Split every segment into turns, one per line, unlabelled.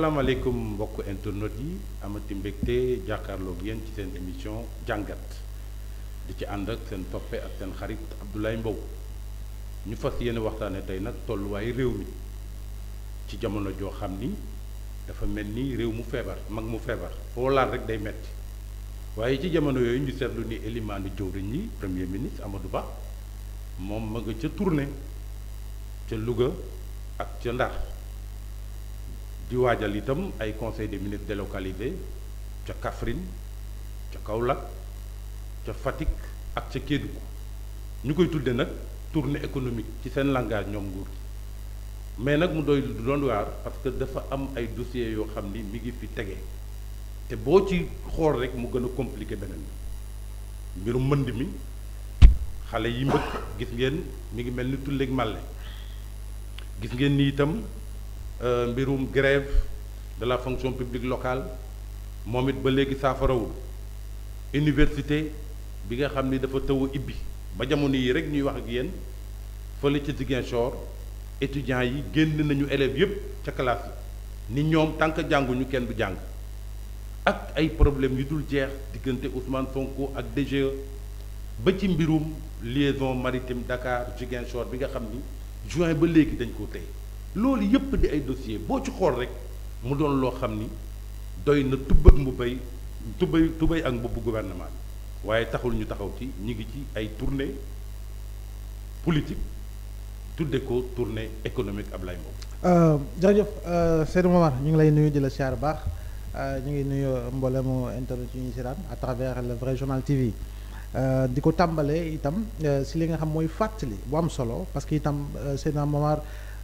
asalaamaaleykum mbokk internet yi amati mbégte jàkkaarloog yenn ci seen émission jàngat di ci ànd ak seen toppe ak seen xarit Abdoulaye Mbow ñu fas yenn waxtaane tey nag tolluwaayu réew mi ci jamono joo xam ni dafa mel ni réew mu feebar mag mu feebar foo laal rek day metti waaye ci jamono yooyu ñu seetlu ni élimaani jëwriñ yi premier ministre Amadou Ba moom ma ca turne ca Louga ak ca Ndar di waajal itam ay conseil des ministres délocalisés ca kafrine ca Kaolack ca fatik ak ca Kédougou ñu koy tudde nag tournée économique ci seen langage ñoom nguur mais nag mu doy du doon waar parce que dafa am ay dossier yoo xam ni mi ngi fi tege te boo ci xool rek mu gën a compliqué beneen bi mbirum mbënd mi xale yi mbëkk gis ngeen mi ngi mel ni tulleeg màlle gis ngeen ni itam euh, mbirum grève de la fonction publique locale Mohamed it ba université biga nga de ni ibi. Bajamoni a ibbi ba jamono yi rek ñuy wax ak ci étudiants yi génn nañu élèves yépp ca classe ni ñoom jangu ñu kenn du jàng ak ay problème yu dul jeex diggante Ousmane Sonko ak DGE ba ci mbirum liaison maritime Dakar Ziguinchor bi nga xamni juin ba légui dañ ko loolu yëpp di ay dossier boo ci xool rek mu doon loo xam ni doy na tubb ak mu bay tubay tubay ak mbubbu gouvernement bi waaye taxul ñu taxaw ci ñu ngi ci ay tournée politique tudde ko tournée économique Ablaye Mbow.
Euh, jërëjëf euh, Seydou Momar ñu ngi lay nuyu di la siyaar baax euh, ñu ngi nuyu mboolemu internet yu ñu siraan à travers le vrai journal TV di ko tàmbalee itam si li nga xam mooy fàttali bu am solo parce que itam Seydou Momar.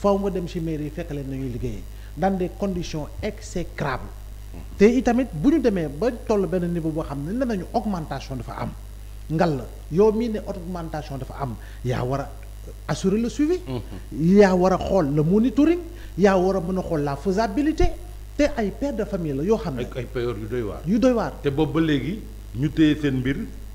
faaw nga dem ci mairie yi fekk leen nañuy liggéeyee dans des conditions exécrables te itamit bu ñu demee ba toll benn niveau boo xam ne ne augmentation dafa am ngal Yo, yow mii augmentation dafa am Y'a war assurer le suivi mhm. Y'a war a le monitoring Y'a war a mën la faisabilité te ay père de famille Yo, yoo xam ne
ay père yu doy waar
yu doy waar te boobu
ba léegi ñu téye seen mbir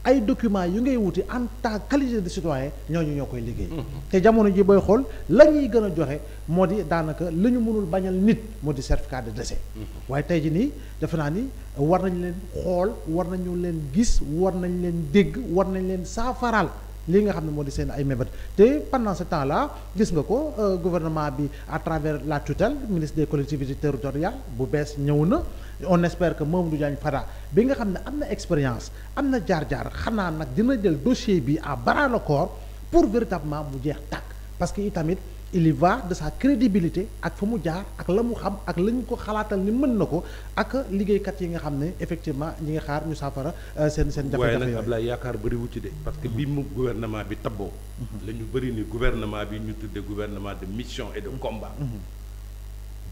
ay document yu ngay wuti en tant qualité de citoyen ñooñu ñoo koy liggéey. Mhm. te jamono ji booy xool la ñuy gën a joxe moo di daanaka la ñu mënul bañal nit moo di certificat de décès. Mhm. waaye tey ji nii defe naa ni war nañ leen xool war nañu leen gis war nañ leen dégg war nañ leen saafaraal. lii nga xam ne moo di seen ay mébét te pendant ce temps là gis nga ko euh, gouvernement bi à travers la tutelle ministre des collectivités territoriales bu bees ñëw na on espère que Mamadou Diagne Fara bi nga xamne amna experience amna jar jar xana nak dina jël dossier bi à bras le corps pour véritablement mu jeex tak parce que itamit il y va de sa crédibilité ak fu jaar ak la xam ak lañ ko xalaatal ni mën nako ak liggéey kat yi nga xamne effectivement ñi nga xaar ñu safara euh, sen sen jafé jafé way
Abdoulaye yakar bari wu ci dé parce que bi mu gouvernement bi tabbo mhm. lañu bari ni gouvernement bi ñu tuddé gouvernement de mission et de combat mhm.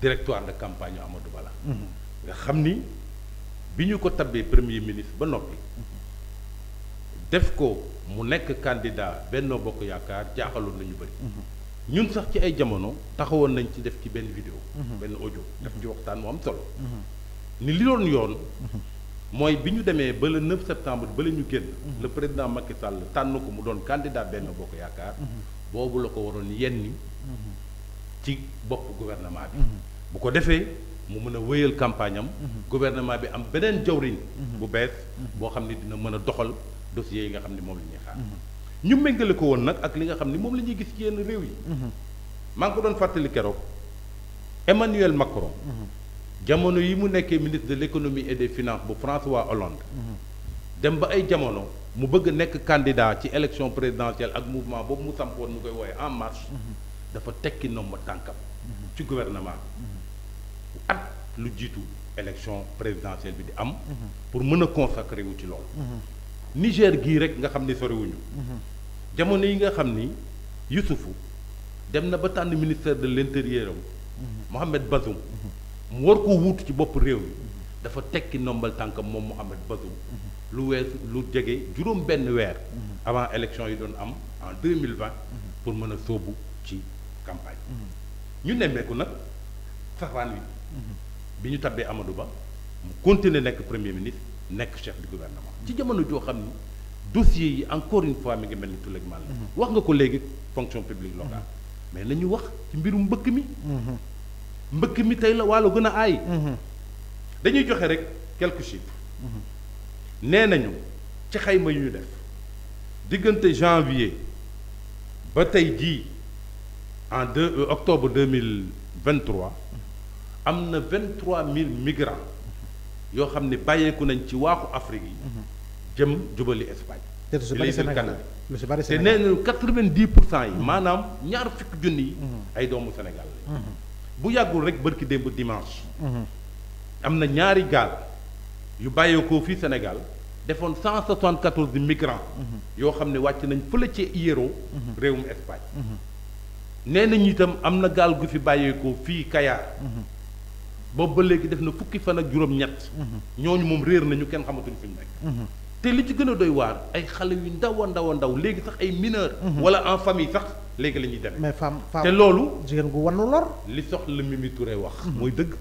directoire de campagne Amadou Bala mhm. nga xam ni bi ñu ko tabbee premier ministre ba noppi def ko mu nekk kandidaa benn Bokk Yaakaar jaaxaloon nañu bëri mm-hmm. ñun sax ci ay jamono taxawoon nañ ci def ci benn vidéo mm-hmm. benn ojo mm-hmm. def ci waxtaan mu am solo ni li doon yoon mooy bi ñu demee ba la 9 septembre ba la ñu génn le président Macky Sall tànn ko mu doon candidat benn Bokk Yaakaar boobu la ko waroon yenni ci bokk gouvernement bi bu ko defee mu mën a wéyal campagne am. gouvernement bi am beneen jawriñ bu bees boo xam ne dina mën a doxal dossiers yi nga xam ne moom la ñuy ñu méngale ko woon nag ak li nga xam ne moom la ñuy gis ci yenn réew yi. maa ngi ko doon fàttali keroog Emmanuel Macron. jamono yi mu nekkee ministre de l' et des finances bu waa Hollande. dem ba ay jamono mu bëgg nekk candidat ci élection présidentielle ak mouvement boobu mu sampoon ñu koy wooye en marche. dafa tekki nomba tànkam. ci gouvernement at lu jitu élection présidentielle bi di am. pour me consacrer wu ci lool Niger gi rek nga xamni sori soriwuñu. jamono yi nga xamni ni Youssoufou dem na ba tànn ministère de l'intérieur Mohamed Bazoum. mu war ko wuutu ci bop rew mi. dafa tekki que tànkam mom Mohamed Bazoum. lu wees lu durum juróom benn wèr avant élection yi doon am en 2020 pour pour mën sobu campagne. ci campagne. ñu nemmeeku ça va wi bi ñu tabbee Amadou premier ministre nek chef du gouvernement. ci jamono jo xamni yi encore une fois mi ngi mhm. fonction publique locale. Mhm. mais lañu wax ci mbirum mbëkk mi. Mhm. mbëkk mi la dañuy rek quelques chiffres. né nañu ci xayma janvier en euh, octobre 2023, am na vingt trois mille migrants yoo xam ne bàyyeeku nañ ci waaxu Afrique yi. Mhm. jëm jubali Espagne. te su si bari
Sénégal nee nañu
quatre vingt dix pour cent yi. Mhm. maanaam ñaar fukki junni yi. Mhm. ay doomu Sénégal bu yàggul rek bërki démb dimanche. am na ñaari gaal yu bàyyeekoo fii Sénégal defoon cent soixante quatorze migrants. yoo xam ne wàcc nañ fële ci Hierro. réewum Espagne. nee nañu itam am na gaal gu fi bàyyeekoo fii Kayar. boobu ba léegi def na fukki fan ak juróom-ñett. ñooñu moom réer nañu kenn xamatuñ fi mu nekk. te li ci gën a doy waar ay xale yu ndaw a ndaw a ndaw léegi sax ay mineur wala en famille sax léegi la ñuy demee.
mais femme femme te loolu. jigéen gu
wanu lor. li soxla Mimi Touré wax. mooy dëgg.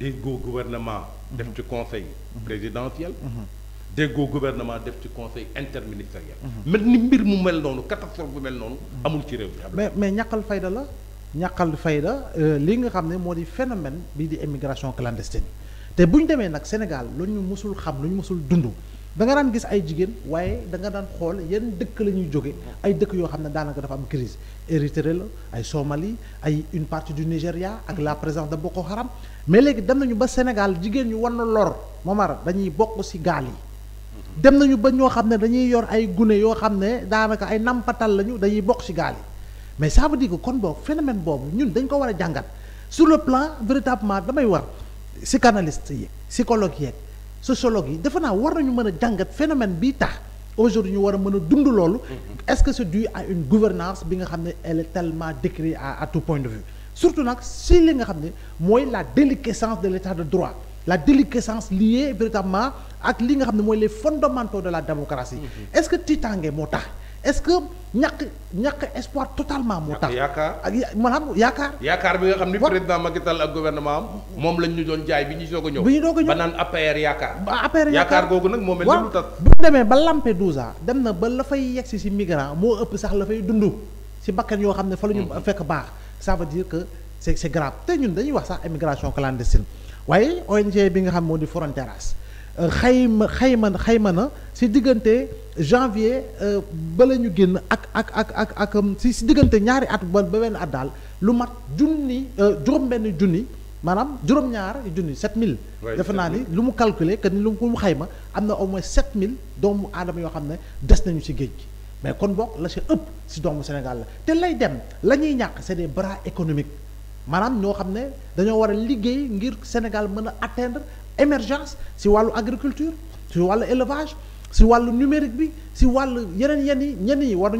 déggoo gouvernement. def ci conseil présidentiel. déggoo gouvernement def ci conseil interministériel. mel mhm. ni mbir mu mel noonu catastrophe bu mel noonu. amul ci réew
mais mais ñàkkal fayda la. ñàkkal fayda euh, li nga xam ne moo di phénomène bii di émigration clandestine te bu ñu demee nag Sénégal lu ñu mosul xam lu ñu mosul dund da nga daan gis ay jigéen waaye da nga daan xool yenn dëkk la ñuy jóge ay dëkk yoo xam ne daanaka dafa am crise Érythrée la ay Somalie ay une partie du Nigéria ak la présence de Boko Haram mais léegi dem nañu ba Sénégal jigéen ñu war na lor Momar dañuy bokk ci gaal yi dem nañu ba ñoo xam ne dañuy yor ay gune yoo xam ne daanaka ay nampatal lañu dañuy bokk ci gaal mais ça veut dire que kon phénomène bob ñun dañ ko war sur le plan véritablement damay war psychanalyste psychologue sociologue il faut naa war jàngat phénomène bii aujourd'hui ñu war a mm-hmm. est-ce que c'est dû à une gouvernance qui est tellement décrite à à tout point de vue surtout si li nga la déliquescence de l'état de droit la déliquescence liée véritablement à li nga les fondamentaux de la démocratie mm-hmm. est-ce que tiitaange moo tax est-ce que ñàkk ñàkk espoir totalement moo tax yaakaar ak maanaam yaakaar
yaakaar bi nga xam ni président Macky Sall ak gouvernement am moom lañ ñu doon jaay bi ñu soog a ñëw bi ñu doog a ñëw ba naan APR yaakaar APR yaakaar googu nag moo mel ni lu tas
bu ñu demee ba Lampedusa dem na ba la fay yegsi si migrant moo ëpp sax la fay dund si bakkan yoo xam ne fa la ñu mm-hmm. fekk baax ça veut dire que c'est c'est grave te ñun dañuy wax sax immigration clandestine waaye ONG bi nga xam moo di Fronteras xayma xayma xayma na si diggante janvier euh, bala ñu génn ak ak ak ak ak um, si si diggante ñaari at ba benn at daal lu mat junni euh, juróom-benn junni maanaam juróom-ñaar junni 7000. waaye defe naa ni lu mu calculer que ni lu mu xayma am na au moins 7000 doomu aadama yoo xam ne des nañu si géej gi mais kon bokk la si ëpp si doomu Sénégal la te lay dem la ñuy ñàkk c'est des bras économiques maanaam ñoo xam ne dañoo war a liggéey ngir Sénégal mën a atteindre émergence si wàllu agriculture si l'élevage, élevage si vous numérique si vous avez yenn yi yi war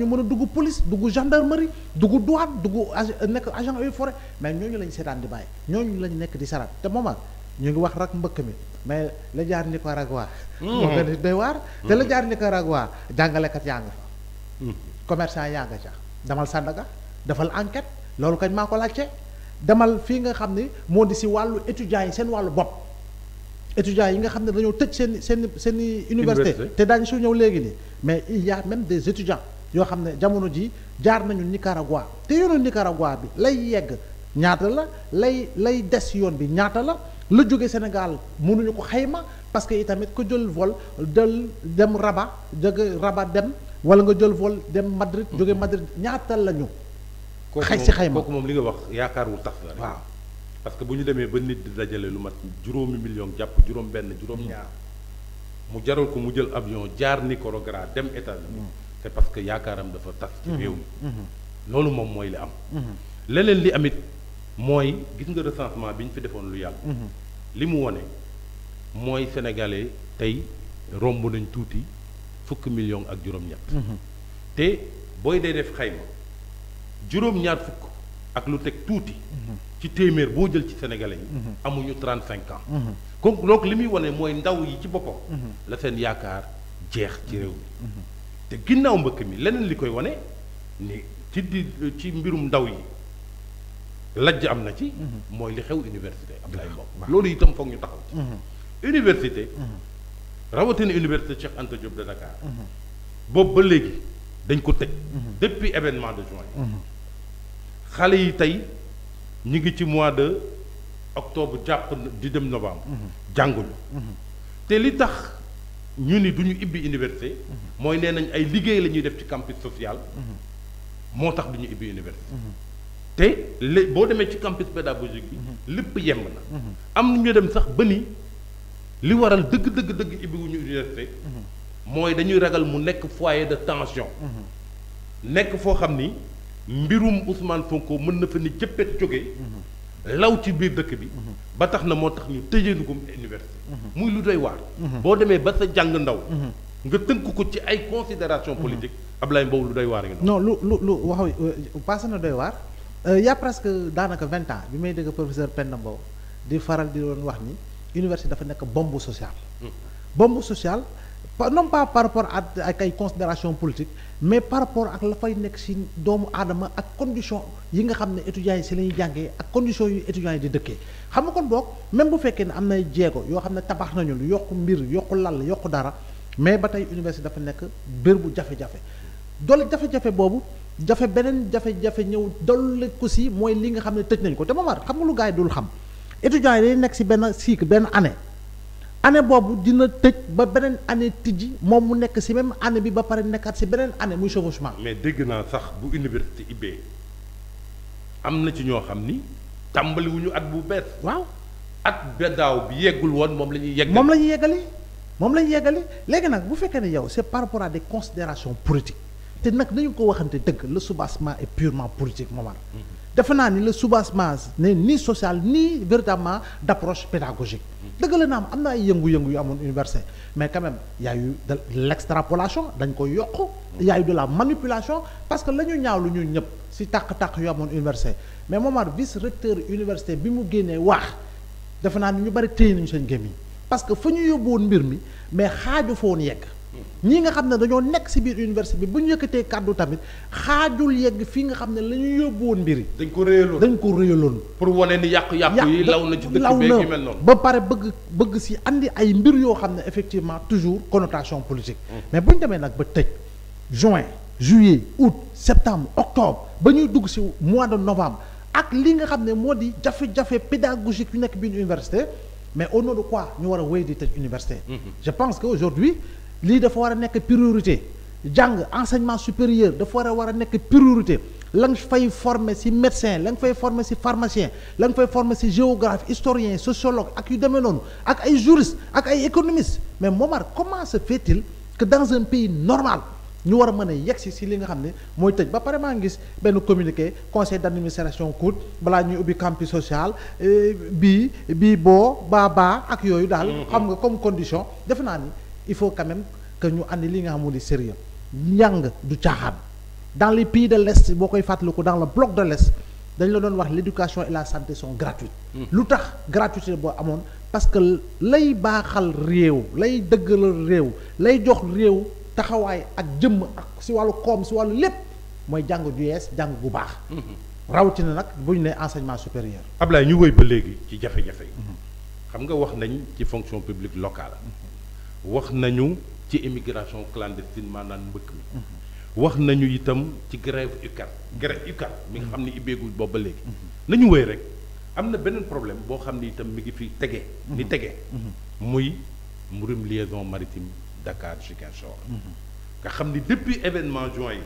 police gendarmerie dugg douane agent forêt mais nous lañ des di nous ñooñu lañ gens di sont te moment nous mais la jaar Nicaragua hmm. moo doy te la hmm. jaar hmm. commerçant Sandaga defal enquête nga si sen walu étudiants yi nga xam ne dañoo tëj seen i seen i université te daañu su ñëw léegi nii mais il y a même des étudiants yoo xam ne jamono ji jaar nañu Nicaragua te yoonu Nicaragua bi lay yegg ñaata la lay lay des yoon bi ñaata la la jóge Sénégal mënuñu ko xayma parce que itamit ko jël vol del dem raba jóge raba dem wala nga jël vol dem Madrid jóge mm-hmm. Madrid ñaata lañu ñu xay si xayma kooku
moom li nga wax yaakaarul tax la waaw parce que buñu démé ba nit di dajale lu mat juróomi million jàpp juróom ben juróom-ñaar mu jarol ko mu jël avion jaar Nicaragua dem États-Unis mm. c'est parce que yaakaaram dafa tas ci réew mi mm-hmm. Mm-hmm. loolu mom moy li am mm-hmm. leneen li amit mooy gis nga recensement biñ fi defoon lu yàgg li mu wone mooy sénégalais tey romb nañ tuuti fukki million ak juróom-ñett te booy dee def xayma juróom-ñaar fukk ak lu teg tuuti. ci téeméer boo jël ci sénégalais yi. Mhm. amuñu trente cinq ans. Mhm. kon donc li muy wane mooy ndaw yi ci boppam. Mhm. la seen yaakaar jeex ci réew mi. te ginnaaw mbëkk mi leneen li koy wone ni ci di ci mbirum ndaw yi lajj am na ci. mooy li xew université Abdoulaye Mbow. loolu itam foog ñu taxaw ci. université. rawatina université Cheikh Anta Diop de Dakar. boobu ba léegi dañ ko tëj. depuis événement de juin. xale yi tey ñu ngi ci mois de octobre jàpp di dem novembre. Mhm. jànguñu. Mhm. te li tax ñu ni du ñu ibbi université. Mhm. mooy nee nañ ay liggéey la ñuy def ci campus social. moo tax duñu ñu ibbi université. te lé boo demee ci campus pédagogique bi. lépp yemb na. am na ñu dem sax ba ni li waral dëgg dëgg dëgg ibbi wuñu université. mooy dañuy ragal mu nekk foyer de tension. nekk foo xam ni. mbirum Ousmane Sonko mën na fa ni jëppet jóge law ci biir dëkk bi ba tax na moo tax ñu tëjee ko université muy lu doy waar boo demee ba sa jàng ndaw nga tënk ko ci ay considération ab Ablaye Mbow lu doy waar ngi
non lu lu lu wax euh, passé na doy waar euh, y'a presque daanaka vingt ans bi may dégg professeur Penda Mbow di faral di doon wax ni université dafa nekk bombe sociale mm. bombe sociale non pas par rapport at ak ay considération politique mais par rapport ak la fay nekk si doomu aadama ak condition yi nga xam ne étudiants yi ci la ñuy jàngee ak condition yu étudiants yi di dëkkee xam nga kon boog même bu fekkee ne am nay jéego yoo xam ne tabax nañu lu yokk mbir yokk lal yokk dara mais ba tey université dafa nekk bér bu jafe-jafe doole jafe-jafe boobu jafe beneen jafe-jafe ñëw dolle ko ci mooy li nga xam ne tëj nañ ko te Momar xam nga lu gars dul xam étudiants yi day nekk ci benn cycle benn année année bobu dina ba année ci même année bi ba ci mais
dégg na sax bu université ibé amna ci ño xamni tambali wuñu at bu at bi yegul won mom la n'a
mom lañuy la bu yow c'est par rapport à des considérations politiques té nak le soubassement est purement politique mm-hmm defe naa ni le soubassement ne ni social ni véritablement d'approche pédagogique dëgg le nom, on a ay yëngu-yëngu yu amoon université mais quand même il y a eu de l'extrapolation extrapolation dañ ko yokk y a eu de la manipulation parce que la ñu ñaaw lu ñu ñëpp si tàq-tàq université mais Momar vice recteur université bi mu génnee waax defe naa ni ñu bëri téye seen parce que fini le bon birmi, mbir mi mais xaaju fa woon ni nga xam ne dañoo nekk si biir université bi bu ñu yëkkatee kàddu tamit xaajul yegg fi nga xam ne la ñu yóbbu mbir yi. dañ ko réyaloon dañ ko réyaloon. pour wane ni yàqu-yàqu yi law na ci dëkk bee mel noonu ba pare bëgg bëgg si andi ay mbir yoo xam ne effectivement toujours connotation politique. Mm. mais bu ñu demee nag ba tëj juin juillet août septembre octobre ba ñuy dugg si mois de novembre ak li nga xam ne moo di jafe-jafe pédagogique yu nekk biir université mais au nom de quoi ñu war a wéy di tëj université. Mm-hmm. je pense que aujourd'hui li dafa war a nekk priorité jàng enseignement supérieur dafa war a war priorité la nga fay former ci médecin la nga fay former ci pharmacien la nga fay former ci géographe historien sociologue ak yu demee noonu ak ay juriste ak ay économiste mais Momar comment se fait-il que dans un pays normal ñu war a mën a yegsi ci li nga xam ne mooy tëj ba pare maa ngi gis benn communiqué conseil d'administration COUD balaa ñuy ubbi campus social eh, bii bii boo baa baa ak yooyu daal mm-hmm. xam nga comme condition def naa ni il faut quand même que ñu andi li nga xam sérieux njàng du caaxaan dans les pays de l'est boo le coup dans le bloc de l'est dañ la doon wax l'éducation et la santé sont gratuites hmm. lu gratuité boo amoon parce que lay baaxal réew lay dëggalal réew lay jox réew taxawaay ak jëmm ak si wàllu koom si wàllu lépp mooy jàng ju yees jàng bu baax hmm. rawatina nak bu ñu nee enseignement supérieur
Ablay ñu woy ba légui ci jafé jafé. Hmm. xam nga wax nañ ci fonction publique locale wax nañu ci immigration clandestine maanaam mbëkk mi wax nañu itam ci grève UCAD grève UCAD mi nga xam ne ibbeegul boobu ba léegi nañu wéy rek am na beneen problème boo xam ne itam mi ngi fi tege ni tege muy mbirum liaison maritime Dakar Ziguinchor nga xam ni depuis événement join yi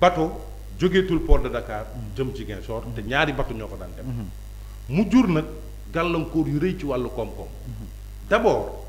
bateau jógeetul port de Dakar jëm Ziguinchor te ñaari bateau ñoo ko daan dem mu jur nag gàllankoor yu rëy ci wàllu koom-koom d'abord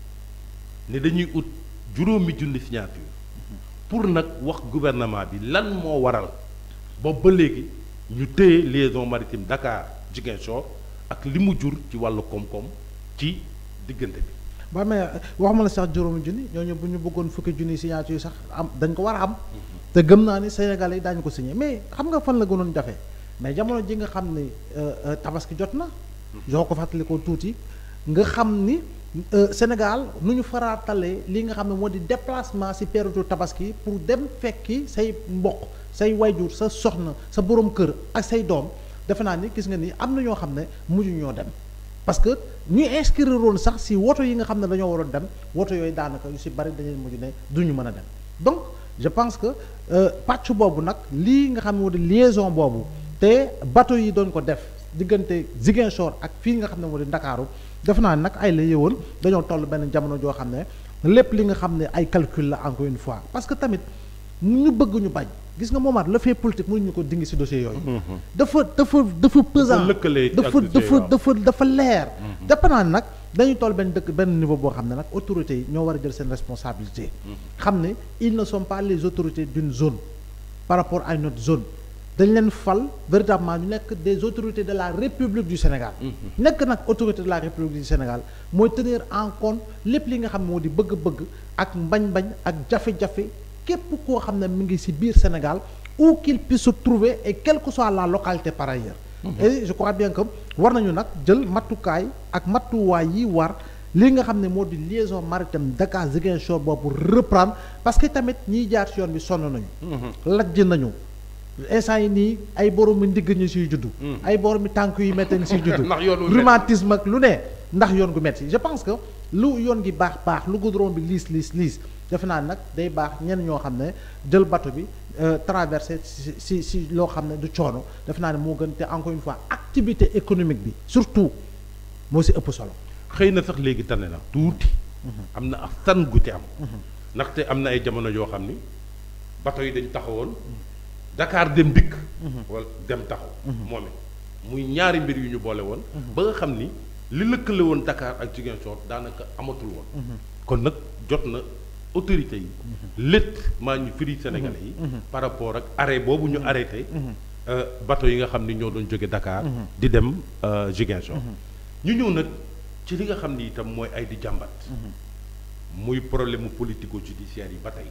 ne dañuy ut juróomi junni signature pour nag wax gouvernement bi lan moo waral boobu ba léegi ñu téye liaison maritime Dakar Ziguinchor ak li mu jur ci wàllu koom-koom ci diggante bi.
ba mais euh, waxuma la sax juróomi junni ñoo ñooñu bu ñu bëggoon fukki junni signature sax am dañ ko war a am. Mhm. te gëm naa ni Sénégalais yi daañu ko signé mais xam nga fan la gënoon jafe mais jamono ji nga xam ni euh, euh, tabaski jot na. yoo mhm. ko fàttalikoo tuuti nga xam ni. Euh, Sénégal nous nous ferons des déplacements déplacement tabaski pour dem fekki say mbokk say wayjur sa soxna sa boroom kër ak say dom. ni gis nga ni nous Nous parce que nous si ci woto ne donc je pense que ce qui est nga liaison Bobu Té bateau diggante Ziguinchor ak fi nga xamné ne moo di Ndakaaru def naa nag ay la yëwoon dañu toll benn jamono jo xamné ne lépp li nga xamné ay calcul la encore une fois parce que tamit ñu bëgg ñu bañ gis nga moomaat le fait politique mënuñu ko dingi ci dossier yoy mm-hmm. dafa dafa dafa pesant dafa dafa dafa dafa leer def mm-hmm. naa nag dañu toll benn dëkk benn niveau bo xamné nak autorité ño wara jël sen responsabilité mm-hmm. xamné ils ne sont pas les autorités d'une zone par rapport à une autre zone dañ leen fal véritablement ñu nekk des autorités de la république du Sénégal. Mhm. nekk nag autorité de la république du Sénégal mooy tenir en compte lépp li nga xam moo di bëgg-bëgg ak mbañ-mbañ ak jafe-jafe képp koo xam ne mi ngi ci biir Sénégal où qu'il puisse se trouver et quelle que soit la localité par ailleurs. Mhm. et je crois bien que war nañu nag jël mattukaay ak mattuwaay yi war. li nga xam ne moo di liaison maritime Dakar Ziguinchor boobu reprendre parce que tamit ñiy jaar ci yoon bi sonn nañu. Mhm. lajj nañu instant yi nii ay borom ndigg ñu siy juddu. Hmm. ay borom tànk yu métti ñu siy juddu. rhumatisme ak lu ne ndax yoon gu métti je pense que lu yoon gi baax baax lu goudron bi liis liis liis defe naa nag day baax ñen ñoo xam ne jël bato bi euh, traversé si si si loo xam ne du coono defe naa ne moo gën te encore une fois activité économique bi surtout moo si ëpp solo.
xëy na sax léegi tane na tuuti. Mhm. am na tan gu te am. Mhm. ndaxte am na ay jamono yoo xam ni bato yi dañ taxawoon. Mhm. dakaar dem dikk. Mhm. wala dem taxaw. Mhm. moom muy ñaari mbir yu ñu boole woon. Mhm. ba nga xam ni li lëkkale woon Dakar ak Ziguinchor daanaka amatul woon. kon nag jot na autorité yi. lét maa ñu firi Sénégalais yi. par rapport ak arrêt boobu ñu arrêté. Euh, bateau yi nga xam ni ñoo doon jóge dakaar di dem euh, Ziguinchor. ñu ñëw nag ci li nga xam ni itam mooy ay di jàmbat. muy problème mu politico judiciaire yi ba tey.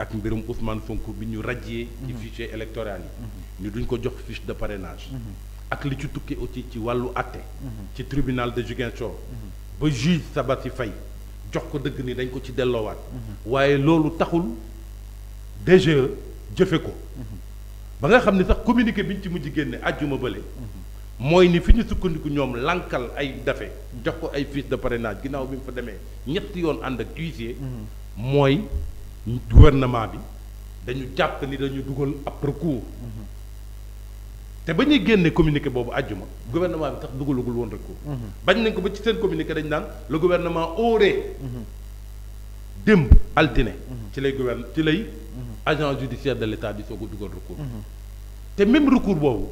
ak mbirum Ousmane Sonko bi ñu radié. ci mhm. fichier électoral yi. Mhm. ñu duñ ko jox fiche de parrainage. Mhm. ak li ci tukki aussi ci wàllu àtte. ci tribunal de Ziguinchor. ba juge Sabassy Faye jox ko dëgg ni dañ ko ci delloowaat. waaye loolu taxul DGE jëfe ko. ba nga xam ne sax communiqué biñ ci mujj génne àjjuma bële. mooy ni fi ñu sukkandiku ñoom lankal ay dafe jox ko ay fiche de parrainage ginnaaw bi mu fa demee ñetti yoon ànd ak huissier. mooy. gouvernement bi dañu japp ni dañu duggal ab recours te bañu ñuy génne communiqué boobu àjjuma gouvernement bi tax duggalugul won recours bañ nañ ko ba ci sen communiqué dañ naan le gouvernement aurait démb altiné ci lay gouvernement, ci lay agent judiciaire de l'état bi soo duggal recours te même recours bobu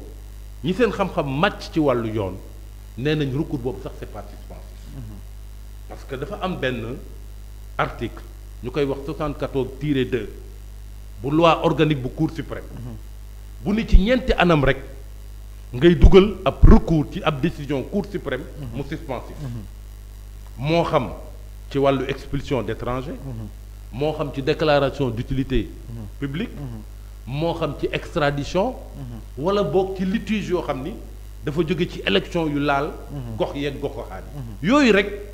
ñi sen xam-xam match ci walu yoon né nañ recours bobu sax c'est pas suspensif parce que dafa am ben article nous koy wax 74 2 bu loi organique bu cour suprême bu ni ci ñeenti anam rek ngay duggal ab recours ci ab décision cour suprême mu suspensif mo xam ci walu expulsion d'étrangers mo xam ci déclaration d'utilité publique mo xam ci extradition wala bok ci litige yo xam ni dafa joggé ci élection yu laal gox yeeg gox goxaan yooyu rek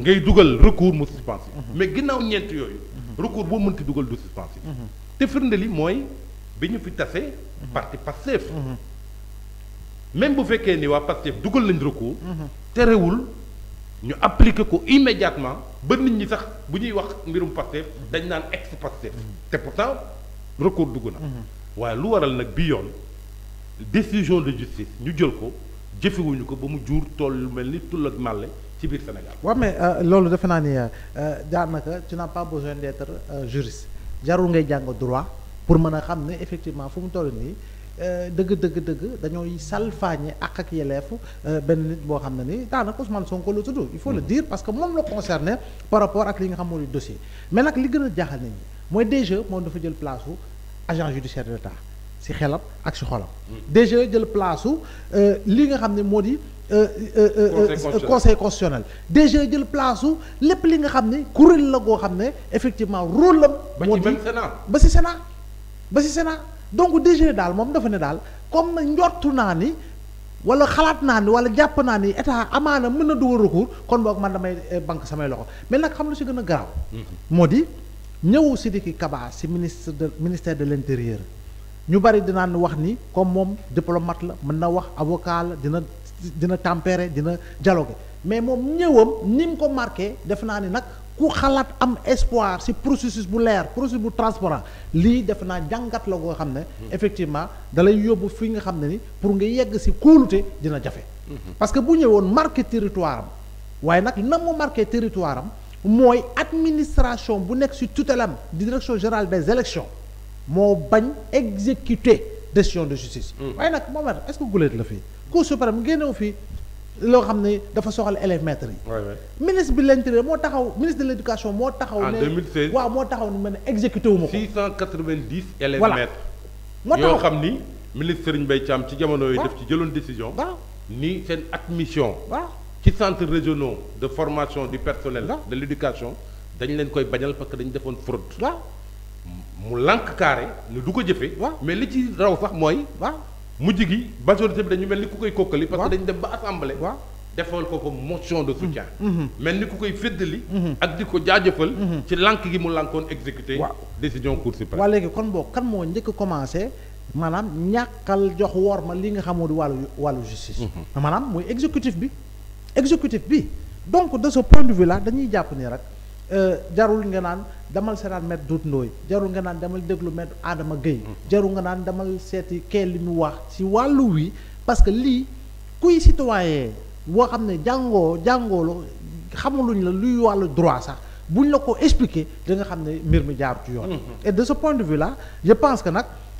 ngay dougal recours mu suspensif mais ginnaw ñent yoy recours bo mënti dougal du suspensif té firnde li mooy bi fi tase parti Pastef même bu fekkee ni wa Pastef dougal nañ recours terewul ñu appliquer ko immédiatement ba nit ñi sax bu ñuy wax mbirum Pastef dañ naan ex Pastef té pourtant recours dugg na waaye lu waral nag bi yoon décision de justice ñu jël ko jëfewuñu ko ba mu jur tool lu mel ni tull ak màlle ci biir Sénégal.
waaw mais euh, loolu defe naa ni euh, euh, daanaka tu n'as pas besoin d'être juriste Jarou ngay jang droit pour mën xamné xam ne effectivement fu mu toll nii. deug dëgg dëgg dañooy salfaañe ak ak yeleefu ben nit bo xamné ne ni daanaka Ousmane Sonko la tudd il faut le mm-hmm. dire parce que mom lo concerné par rapport ak li nga xam moy dossier mais nak li gën jaxal jaaxal nit ñi mooy DG moom dafa jël place u agent judiciaire de l'État si xelam ak ci xolam mm-hmm. DG jël place euh li nga xamné modi euh, euh, euh, conseil constitutionnel déjà il place où les effectivement rôle Mais Sénat Sénat donc déjà comme wala wala état kon eh, banque samay mais xam lu ci mhm. Modi, ministre de ministère de l'intérieur ñu bari wax comme diplomate la avocat dina tempérer dina dialoguer mais mom ñewam nim ko marqué def naa ni nak ku xalat am espoir ci processus bu lèr processus bu transparent Li, def naa jàngat la go xamné ne effectivement dalay yóbbu fi nga xamné ni pour nga yegg ci kóolute dina jafé mhm. parce que bu ñëwoon marqué territoire waye nak nag marqué territoire moy administration bu nek ci tutelam direction générale des élections mo bagn exécuter décision de justice mhm. waaye nag Mohamed est-ce que guleet la fii cour suprême génnewu fi lo xamné dafa soxal élèves maîtres yi. ministre bi l'intérieur mo taxaw ministre de l'éducation mo taxaw. en 2016 waaw moo taxaw ni man exécuté wu ma 690 élèves maîtres. mo taxaw xam
ni ministre Serigne Mbaye Cham ci jamono yi. def ci jëlone décision. ni seen admission. wa ci centre régionaux de formation du personnel. de l'éducation dañ leen koy bañal parce que dañ defone fraude. wa mu lank carré. ne du ko jëfé waaw mais li ci raw sax moy wa Mujigi, gi majorité bi dañu ni ku koy parce que dañu dem ba assemblée. defal ko motion de soutien. Mm-hmm. Mm-hmm. mel ni ku koy mm-hmm. ak di ko ci vous gi mu exécuté. décision cour suprême.
est léegi kon kan commencé maanaam ñàkkal jox woor ma li nga xamoo di justice. exécutif bi exécutif donc de ce point de vue là dañuy rek. Euh, jarul nga naan damal seetaan maître dout noy jarul nga naan damal déglu maître Adama Gueye mm-hmm. jarul nga naan damal seeti kee wax si wàllu wi parce que lii kuy citoyen boo xam ne jàngoo jàngoolu xamuluñ la luy wàllu droit sax buñ la ko expliquer da nga xam ne mbir ci yoon mm-hmm. et de ce point de vue là je pense que nag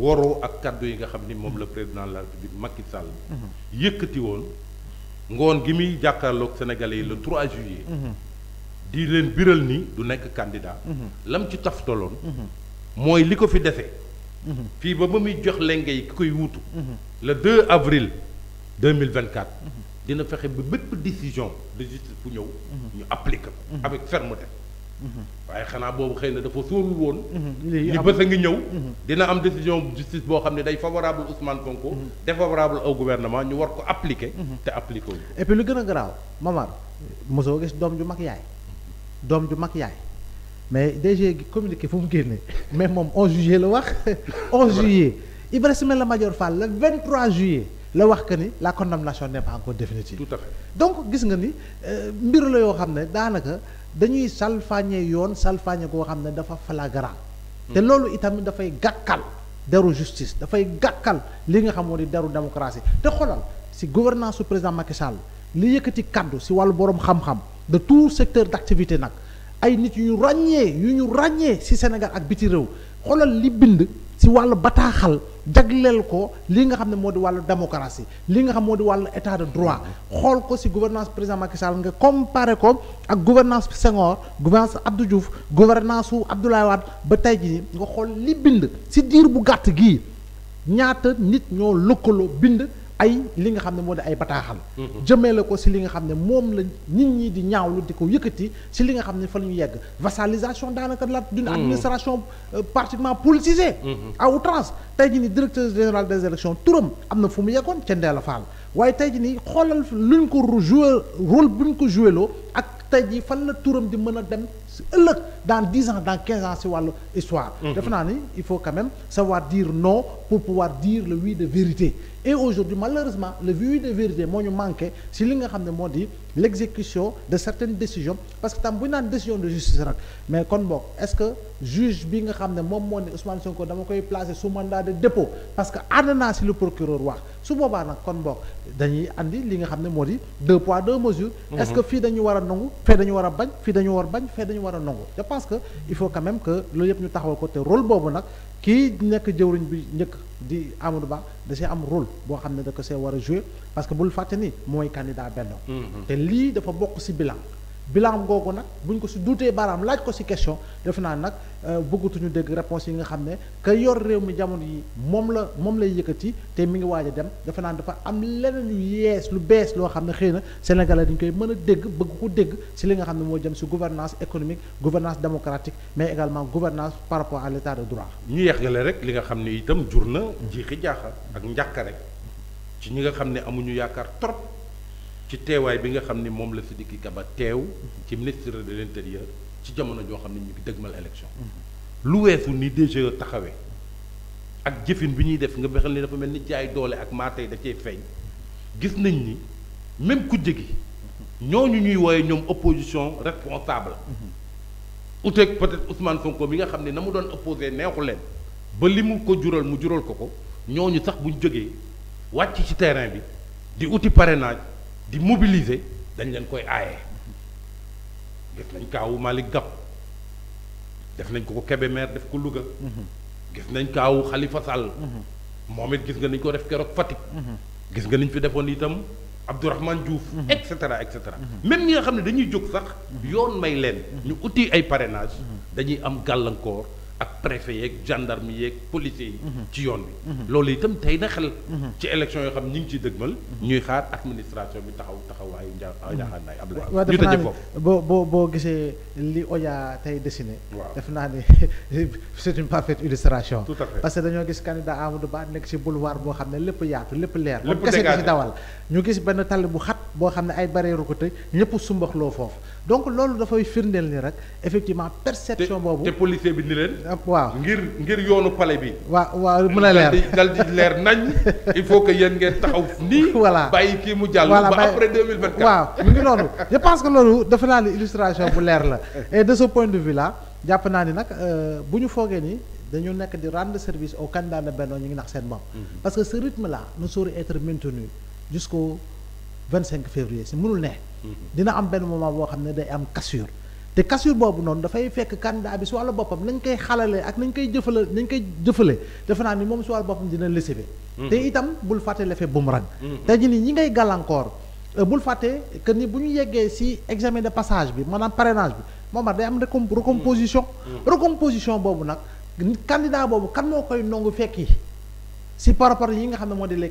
waroo ak kàddu yi nga xam ni moom la président de la république Macky Sall. yëkkati woon ngoon gi muy jàkkaarloog sénégalais le 3 juillet. di leen biral ni du nekk candidat. lam ci taftaloon. mooy li ko fi defee. fii ba ba muy jox lenge yi ki koy wuutu. le 2 avril 2024. dina fexe ba bépp décision de justice bu ñëw. ñu appliquer ko avec fermeté waaye xanaa boobu xëy na dafa sóorul woon.
li bës a ngi
ñëw. Mhm. dina am décision justice boo xam ne day favorable Ousmane Sonko. Mhm. défavorable au gouvernement ñu war ko appliquer. Mhm. te appliquer wu
et puis lu gën a garaaw Mamar mosoo gis doom ju mag yaay doom ju mag yaay. mais DG gi communiqué fu mu génnee mais moom 11 juillet la wax 11 juillet Ibrahima la Major Fall le 23 juillet la wax que ni la condamnation n'est pas encore définitive. tout à fait donc gis nga ni euh, mbir la yoo xam ne daanaka. dañuy salfaañe yoon salfaañe koo xam ne dafa flagrant te loolu itamit dafay gàkkal deru justice dafay gàkkal li nga xamoo moo di deru démocratie te xolal si gouvernance su président Macky li yëkkati kaddu si wàllu borom xam-xam de tout secteur d'activité nag ay nit yu ràññee yu ñu ràññee si Sénégal ak biti réew xoolal li bind si wàllu bataaxal jagleel ko li nga xam ne moo di wàllu démocratie li nga xam moo di wàll état de droit xool ko si gouvernance président Macky Sall nga comparé ko ak guvernance Senghor gouvernance Abdou Diouf gouvernance su Abdoulaye Wade ba tey jii nga xool li bind si diir bu gàtt gii ñaata nit ñoo lëkkaloo bind ay li nga xam ne moo de ay bataaxal la ko si li nga xam ne moom la nit ñi di ñaawlu di ko yëkkati si li nga xam ne fa la ñu yegg vassalisation daanaka la d'une administration euh, pratiquement politisée à outrance tey ji ni directeur général des élections turam am na fu mu yeggoon ca Ndeela Fall waaye tey ji ni xoolal luñ ko joué bu buñ ko joué ak tey fan la touram di meuna dem dans dix ans dans 15 ans ci walu histoire. Mhm. def na ni il faut quand même savoir dire non pour pouvoir dire le oui de vérité et aujourd'hui malheureusement le oui de vérité moo ñu manqué si li nga xamné ne di l'exécution de certaines décisions parce que tam bu nane décision de justice mais kon bok est-ce que juge bi nga xamné mom mo ni Ousmane Sonko dama koy placer sous mandat de dépôt parce que ànd ci le procureur wax su par nak kon bok dañuy andi li nga xamné ne di deux poids deux mesures. Mhm. est-ce que fi dañu wara fee dañu war a bañ fii dañu war bañ fee dañu war a nongu je pense que il faut quand même que loolu yëpp ñu taxawal ko te rôle boobu nag kii nekk jëwriñ bi njëkk di amadou ba da cee am rôle boo xam ne da ko see war a parce que bul fàtte ni mooy candidat benn mm-hmm. te lii dafa bokk si bilan bilan googu nag buñ ko si duutee baaraam laaj ko si question defe naa nag euh, bëggatuñu dégg réponse yi nga xam ne que yor réew mi jamono yi moom la moom lay yëkkati te mi ngi waaj a dem defe naa dafa am leneen yu yees lu bees loo xam ne xëy na sénégalais dañ koy mën a dégg bëgg ko dégg si li nga xam ne moo jëm si gouvernance économique gouvernance démocratique mais également gouvernance par rapport à l'état de droit
ñu yeexgale rek li nga xam ne itam jur na jiixi jaaxa ak njàkka rek ñi nga xam ne amuñu yaakaar trop ci teewaay bi nga xamni mom la Sidiki Kaba teew ci ministre de l'intérieur ci jamono joo xamni ne ñu ngi dëgmal élection mm-hmm. lu weesu ni DGE taxawé ak jëfin bi ñuy def nga bexal ni dafa melni ni jaay doole ak ma tay da cee feñ gis nañ ni même ku djegi ñoñu ñuy woyé ñom opposition responsable mm-hmm. uteeg peut-être Ousmane Sonko bi nga xamni namu na doon opposé neexu len ba limu ko jural mu jural ko ko ñoñu sax buñ jógee wacc ci terrain bi di outil parrainage di mobiliser dañ leen koy aaye def nañ kaawu Malick Gakou def nañ ko ko Kébémer def ko Louga mhm. gis nañ kaawu Khalifa Sall mhm. moom it gis nga niñ ko def keroog Fatick mhm. gis nga niñ fi defoon itam Abdourahmane Diouf et cetera et cetera même ñi nga xam ne dañuy jóg sax yoon may leen ñu uti ay parrainage dañuy am gàllankoor ak préfet yeeg gendarme yeeg policiers yi. Mhm. ci yoon bi. Mhm. loolu itam tey na xel. Mhm. ci élection yoo xam ñu ngi ciy dëgmal. ñuy xaar administration bi taxaw taxawaayu njaaxaan ah, naay Abdoulaye. ñu tëjee
foofu boo boo boo gisee li Oya tey dessiné. waaw def naa ne c'est une parfaite que dañoo gis candidat Amadou Ba nekk ci boulevard boo xam ne lépp yaatu lépp leer. lépp dégagé kese gi ci dawal ñu gis benn tali bu xat boo xam ne ay barrière ko tëj ñëpp sumbaxloo foofu. donc loolu dafay firndeel ni rek effectivement perception boobu te policier bi ni leen ah, waaw ngir ngir yoonu pale bi waaw waaw mën a leer dal di leer nañ il faut que yéen ngeen taxaw nii voilà bàyyi kii mu jàll ba après 2024 waaw mu ngi noonu je pense que loolu dafa naa ni illustration bu leer la et de ce point de vue là jàpp naa ni nag euh, bu ñu foogee ni dañu nekk di rendre service au candidat de Benno ñu ngi nax seen bopp parce que ce rythme là nous saurait être maintenu jusqu'au 25 février si mënul ne dina am benn moment boo xam ne day am cassure te cassure boobu noonu dafay fekk candidat bi si wàllu boppam nañ koy xalalee ak nañ koy jëfale nañ koy jëfale defe naa ni moom si wàllu boppam dina lésebe mm-hmm. te itam bul fàtte l'effet boomerang te ñu ni ñi ngay gàllankoor euh, bul fàtte que ni bu ñu yeggee si examen de passage bi maanaam parrainage bi moom day am mm-hmm. recomposition mm-hmm. recomposition boobu nag candidat boobu kan moo koy nongu fekki si par rapport yi nga xam ne moo di les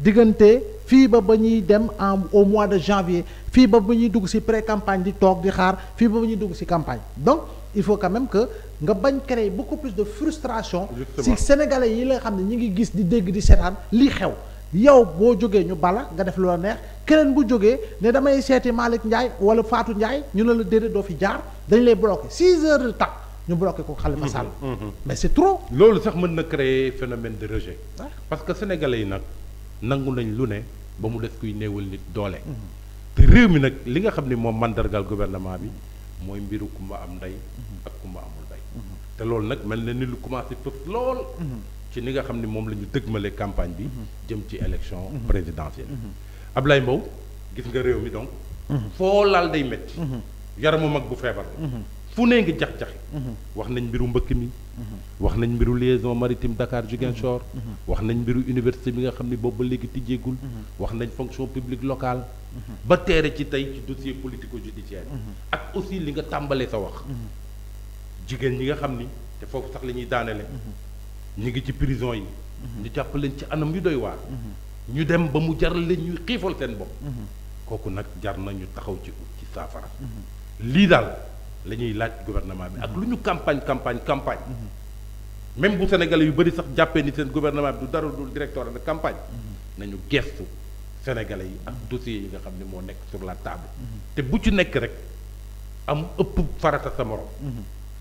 diggante fi ba ba dem en au mois de janvier fi ba ba ñuy dugg ci pré-campagne di tok di xaar fi ba ba ñuy dugg ci campagne donc il faut quand même que nga bañ créer beaucoup plus de frustration si sénégalais yi la xamné ñi ngi gis di dégg di seetaan li xew yow bo joggé ñu bala nga def loola neex keneen bu joggé né damay seeti Malick ndjay wala Fatou ndjay ñu la dédé do fi jaar dañ lay bloquer 6 heures de temps ñu bloqué ko xalé Sall mm-hmm.
Mm-hmm. mais c'est trop lolu sax mën na créer phénomène de rejet parce que sénégalais yi nag nangu nañ lu ne ba mu des kuy néewal nit doole. Mhm. te réew mi nag li nga xam ni moom mandargal gouvernement bi mooy mbiru kumba am ndey mhm. ak kumba amul ndey mhm. te loolu nag mel na ni lu commencé fëpp lool. ci li nga xam ni moom la ñu dëgmale campagne bi. jëm ci élection présidentielle. Ablaye Mbow gis nga réew mi donc. foo laal day métti. mu mag bu feebar fu ne ngi jax-jaxe wax nañ mbiru mbëkk mi wax nañ mbiru liaison maritime Dakar Ziguinchor wax nañ mbiru université bi nga xam ne boobu ba léegi tijjeegul wax nañ fonction publique locale ba teere ci tey ci dossier politico judiciaire ak aussi li nga tàmbalee sa wax jigéen ñi nga xam ni te foofu sax la ñuy daanele ñu ngi ci prison yi ñu jàpp leen ci anam yu doy waa ñu dem ba mu jar leen ñuy xiifal seen bopp kooku nag jar na ñu taxaw ci ci saafara lii daal la gouvernement campagne campagne campagne même bu sénégalais yu sax gouvernement bi du directeur de campagne nañu gestu sénégalais yi ak yi sur la table te bu ci nekk rek am ëpp farata sa morom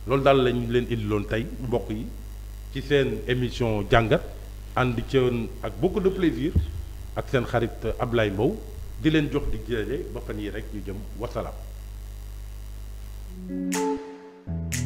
lañ leen émission beaucoup de plaisir ak xarit di leen jox di yi rek ñu Thank you.